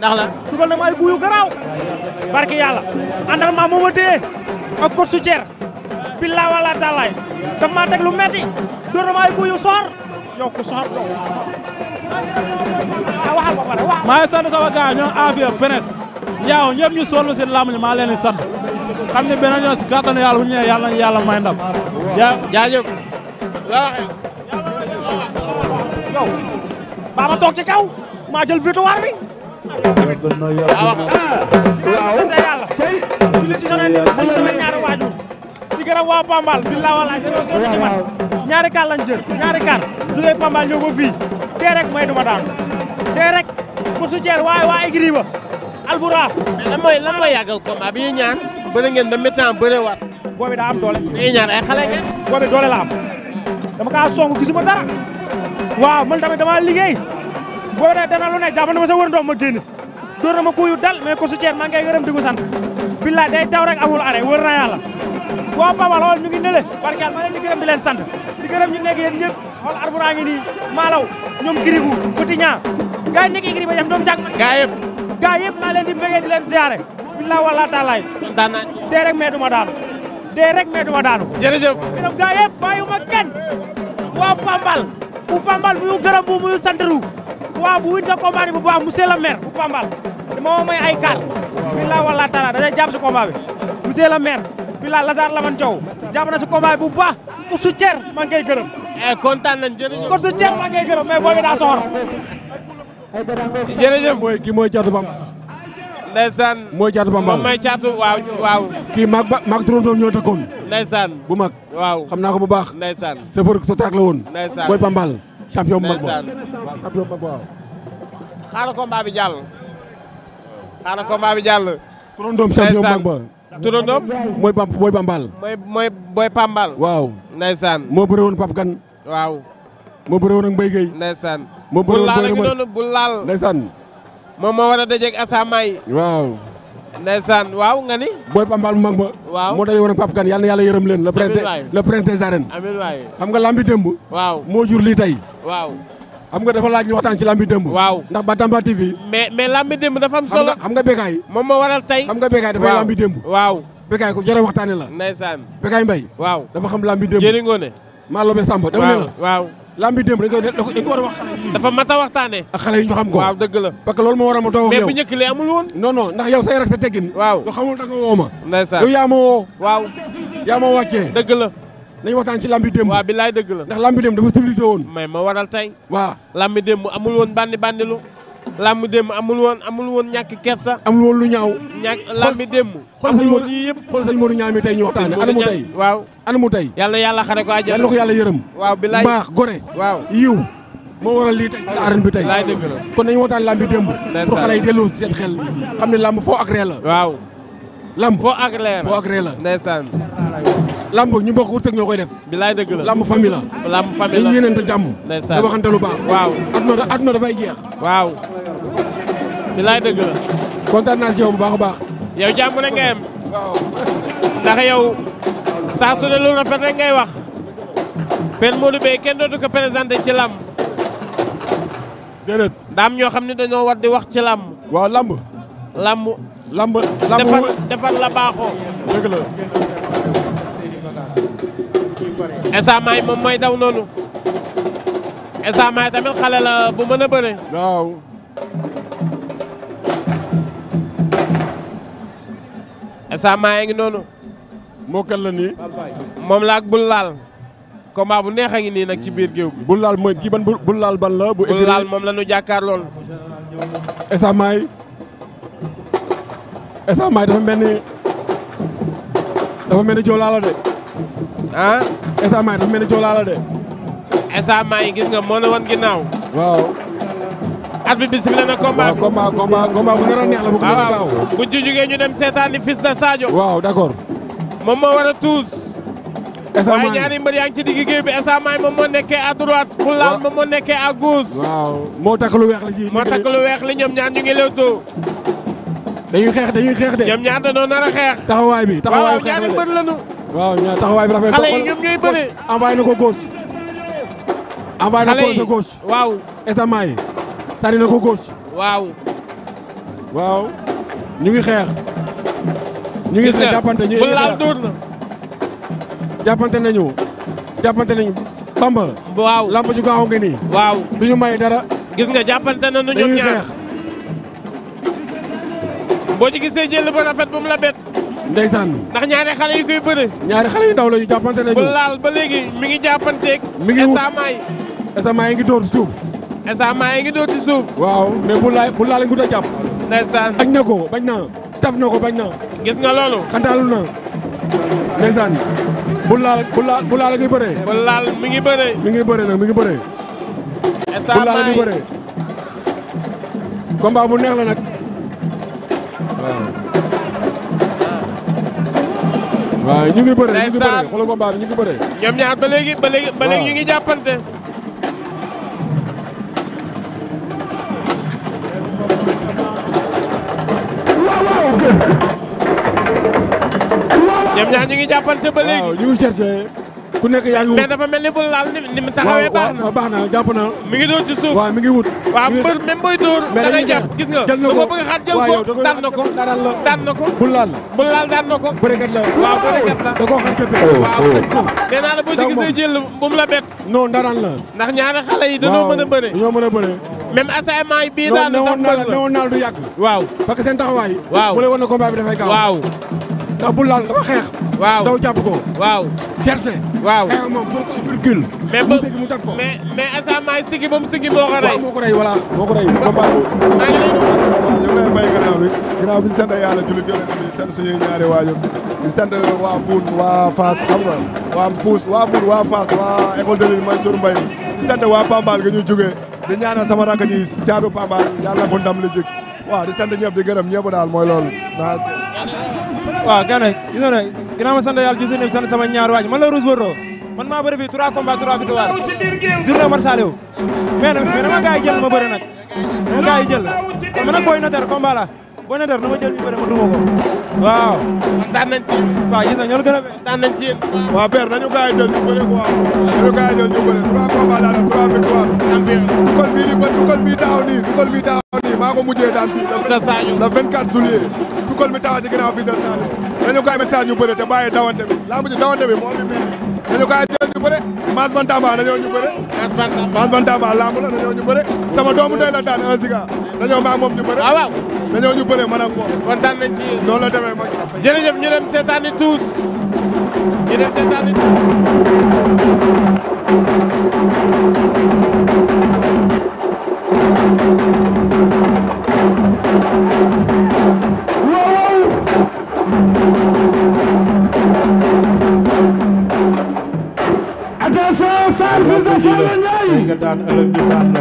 ndax la dugal na ma ay kuyu garaaw barke yàlla àndal maa mooma téye ak kot su ceer taalaay daf maa teg lu metti door na ma ay kuyu soor yow ku soor ah, maa ngi sant sama gars ñoom affaire penes ñaaw ñëpp ñu sonn seen làmb maa leen di sant xam ne beneen yoon si kàttanu yàlla bu ñëwee yàlla nañu yàlla may ndam jaajëf la baa ma toog ci kaw maa jël victoire bi waaw waaw cey li ci sonal sama ñaari waajur di gërëm waa Pambal bi la wala dañoo sonn ci man ñaari kaar lañ jël ñaari kaar jógee Pambal ñëw ba fii tey rek may duma daanu tey rek pour waaye waa Aigri ba Alboura lan mooy lan mooy yàggal combat bi ñaan bëri ngeen ba métan bëre waat boobi daa am doole ñuy ñaan ay xale ngeen doole la dama kaa song gisuma dara waaw man tamit dama liggéey boo nee dana lu ne jàpp na sa wër ma génn si door na ma kuyu dal mais ko su ceer maa ngi koy gërëm di ko sant billaay day taw rek na yàlla boo babal xool ñu ngi nele barke ma leen di gërëm di leen sant di gërëm ñu nekk ma daanu dee rek mais du ma daanu jërëjëf gërëm gaa yëpp bàyyiwuma kenn waa Pambal bu Pambal bu ñu gërëm bu waaw bu winte combat bi bu baax monsieur le maire bu Pambal moo may ay kar billaa wala tala dañuy jàpp si combat bi monsieur le billaa Lazare Lamane Thiaw jàpp si combat bu baax ko su cer maa ngi koy eh, kontaan nañ jërëjëf ko su cer daa soxor mooy kii mooy caatu Pambal ndeysaan mooy caatu Pambal moom mooy caatu waaw waaw kii maag ba maag turandoom ñoo takkoon bu mag waaw xam naa ko bu baax ndeysaan sëfër sa taak la woon mooy Pambal champion bu mag waaw champion bu mag waaw. xaaral combat bi jàll. xaaral combat bi jàll. turandoom champion bu mag ba. turandoom. moo bëre woon Pape Kane. waaw. moo bëre woon ak Mbaye Gueye. ndeysaan. moo bëre woon bu laal ndeysaan. moom moo war a dajeeg asamaay. waaw. ndeysaan waaw nga ni booy pambaal mu mag ma waaw moo dajee woon ak Pape Kane yàlla na yàlla yërëm leen le prince des arènes amiin waay xam nga lambi démb waaw moo jur lii waaw xam nga dafa laaj ñu waxtaan ci lambi démb waaw ndax Bantamba TV mais mais lambi démb dafa am solo xam nga Bécaye moom moo waral tey xam nga Bécaye dafay lambi démb waaw Bécaye ko jërë waxtaane la ndeysaan Bécaye Mbaye waaw dafa xam lambi démb jëriñoo ne maa lobe Samba dama ne la lamb bi démb dañ koy dañ ko war a wax dafa mat a waxtaanee xale yi ñu xam ko waaw dëgg la parce que loolu moo war a ma toog yow mais bu njëkk li amul woon non non sa teggin waaw yoo xamul da nga woo ma ndeysaan yow yaa ma woo waaw yaa ma wàccee dëgg la nañ waxtaan ci lambi démb waaw bilaay dëgg la ndax lambi démb dafa civilisé woon mais ma waral tey waaw lambi démb amul woon bandi bandilu làmb démb amul woon amul woon ñàkk kersa. amul woon lu ñaaw. ñàkk làmb démb. amul woon yii yëpp xool sañ Modou Niang mi tey ñu waxtaane anamu tey waaw anamu tey. yàlla yàlla xare ko àjjana yàlla ko yàlla yërëm. waaw bilaay baax gore. waaw yiw moo waral lii tey la arène bi tey. laay dëgg la kon nañu waxtaan làmb démb. pour xale yi delloo seen xel. xam ne làmb foo ak ree la. waaw. làmb foo ak ree la. foo ak ree la ndeysaan lamb ñu bokk wurtëg ñoo koy def bilaay dëgg la lamb famille la lamb famille la ñu yéenante jàmm da waxante lu baax waaw at aduna dafay jeex waaw bilaay dëgg la kontaan naa si yow bu baax a baax yow jàmm rek ngay am waaw ndax yow saa lu rafet ngay wax Père Modou Beye kenn dootu ko présenté ci lamb déedéet daam ñoo xam ne dañoo war di wax ci lamb waaw lamb lamb lamb defar la baaxoo dëgg Essa May moom mooy daw noonu Essa May tamit xale la bu mën a bëre. waaw. Essa ngi noonu. moo kan la moom la ak bul laal. combat bu neex a ngi nii nag ci biir géew bi. bul laal mooy kii ban ban la. bu bul moom la ñu jàkkaar lool. Essa May. dafa mel dafa mel ni de. ah. Essa Mbaye dafa mel ni Joola la de. Essa Mbaye gis nga moo la wan ginnaaw. waaw. at bi bisimilah na combat bi waaw combat combat combat bu nar a neex la bu gën a ah, gaaw. bu ci jugee ñu dem seetaani fils de Sadio. waaw d' accord. moom moo war a tuus. Essa Mbaye waaye ñaari mbër yaa ngi ci digg géew bi Essa Mbaye moom moo nekkee à droite. waaw Poulard moom moo nekkee à gauche. waaw moo takk lu weex li ci. moo takk lu weex li ñoom ñaar ñu ngi lewtoo. dañuy xeex dañuy xeex de. ñoom ñaar dañoo nar a xeex. taxawaay bi taxawaay xeex la de waaw ñaari mbër lañu. waaw ñaa taxawaay bi rafet. xale yi ñoom ñooy bëre. envoyé na ko gauche. envoyé na ko gauche. waaw. esamaa yi. sànni na ko gauche. waaw. waaw. ñu ngi xeex. ñu ngi xeex jàppante ñu ngi xeex bu laal dóor na. jàppante nañu. jàppante nañu bamba. waaw lamb ju nii. waaw du ñu may dara. gis nga jàppante na nu ñoom ñaar boo ci gisee jël ba rafet bu mu la bett ndeysaan ndax ñaari xale yu koy bëre ñaari xale yu ndaw la yu jàppante nañu bu laal ba léegi mi ngi jàppanteeg mi ngi esamaay esamaay ngi dóor ci suuf esamaay ngi dóor ci suuf waaw mais bu laal bu laal ngu da jàpp ndeysaan bañ na ko bañ na taf na ko bañ na gis nga loolu xantaalu na ndeysaan bu laal bu laal bu laal ngi bëre bu laal mi ngi bëre mi ngi bëre na mi ngi bëre esamaay bu laal bu neex waaw ñu ngi bëre ñu ngi bëre xoolal combat bi ñu ngi bëre. ñoom ñaar ba léegi ba léegi ba ñu ngi jàppante. ñoom ñaar ñu ngi jàppante ku nekk yaa ngi wut mais dafa mel ni bu laal ni mu taxawee baax na waaw ngi doon ci suuf waaw mi ngi wut waaw mbër même dóor da jàpp gis nga jël na ko bëgg xaat jël ko daan na ko daan laal bu laal daan na ko bërekat la waaw bërekat la da koo xar képp oh, oh. waaw nee naa la boo ci gisee jël bu mu la bett non daraan la ndax ñaari xale yi dañoo mën a bëre dañoo mën a bëre même assaillement yi bii daal sax mbër la newoon naa du yàgg waaw parce que seen taxawaay waaw mu lay wan na combat bi dafay ndax bu laal dafa waaw daw jàpp ko. waaw certain. waaw xeex moom pour que virgule. mais ba mu def ko mais mais asaamaay sigi ba mu sigi moo ko rey. waaw moo ko rey voilà moo ñu ngi lay fay gannaaw bi gannaaw bi ñu sant yàlla julli jërë ngeen di sant suñuy ñaari waajur di waa Boune waa Fass xam nga waa Fouss waa Boune waa Fass waa école de l'Union Mansour Mbaye di sant waa Pambal nga ñu jógee di ñaanal sama rakk ñi caatu Pambal yàlla bu waa li jik di sant ñëpp gërëm ñëpp daal mooy loolu waaw kenn gis nga ne ginnaaw ma sant yàlla gis nañu sant sama ñaar waaj man la Rouge Bordeaux man maa bëri fii 3 combats 3 victoires journée Omar Saliou mais nag mais dama gaa yi jël ma bëri nag na gaa yi jël kon man nag Boy Notaire combat la Boy Notaire na ma jël ñu bëri ma duma ko waaw. daan nañ ci yéen. waaw yéen a ñoo gën a daan nañ ci yéen. waaw père nañu gaa yi jël ñu bëri quoi nañu gaa yi jël ñu bëri 3 combats la 3 victoires. nii kon bii daaw nii maa ko mujjee daan fii. sa Sadio le 24 juillet. tukkal mi taxaw ci ginnaaw fii de Sadio. nañu ko ay message ñu bëre te bàyyi dawante bi lamb ji dawante bi moo fi mel. nañu ko ay jël ñu bëre. Mass Bantamba dañoo ñu bëre. Mass Bantamba Mass Bantamba lamb la dañoo ñu bëre. sama doomu day la daan un ziga. dañoo maa moom ñu bëre. Ah, waaw waaw ñu bëre man ak moom. kontaan nañ ci yéen. noonu la demee mag. jërëjëf ñu dem ñu dem seetaani tous. nga daan ëllëg ñu daan la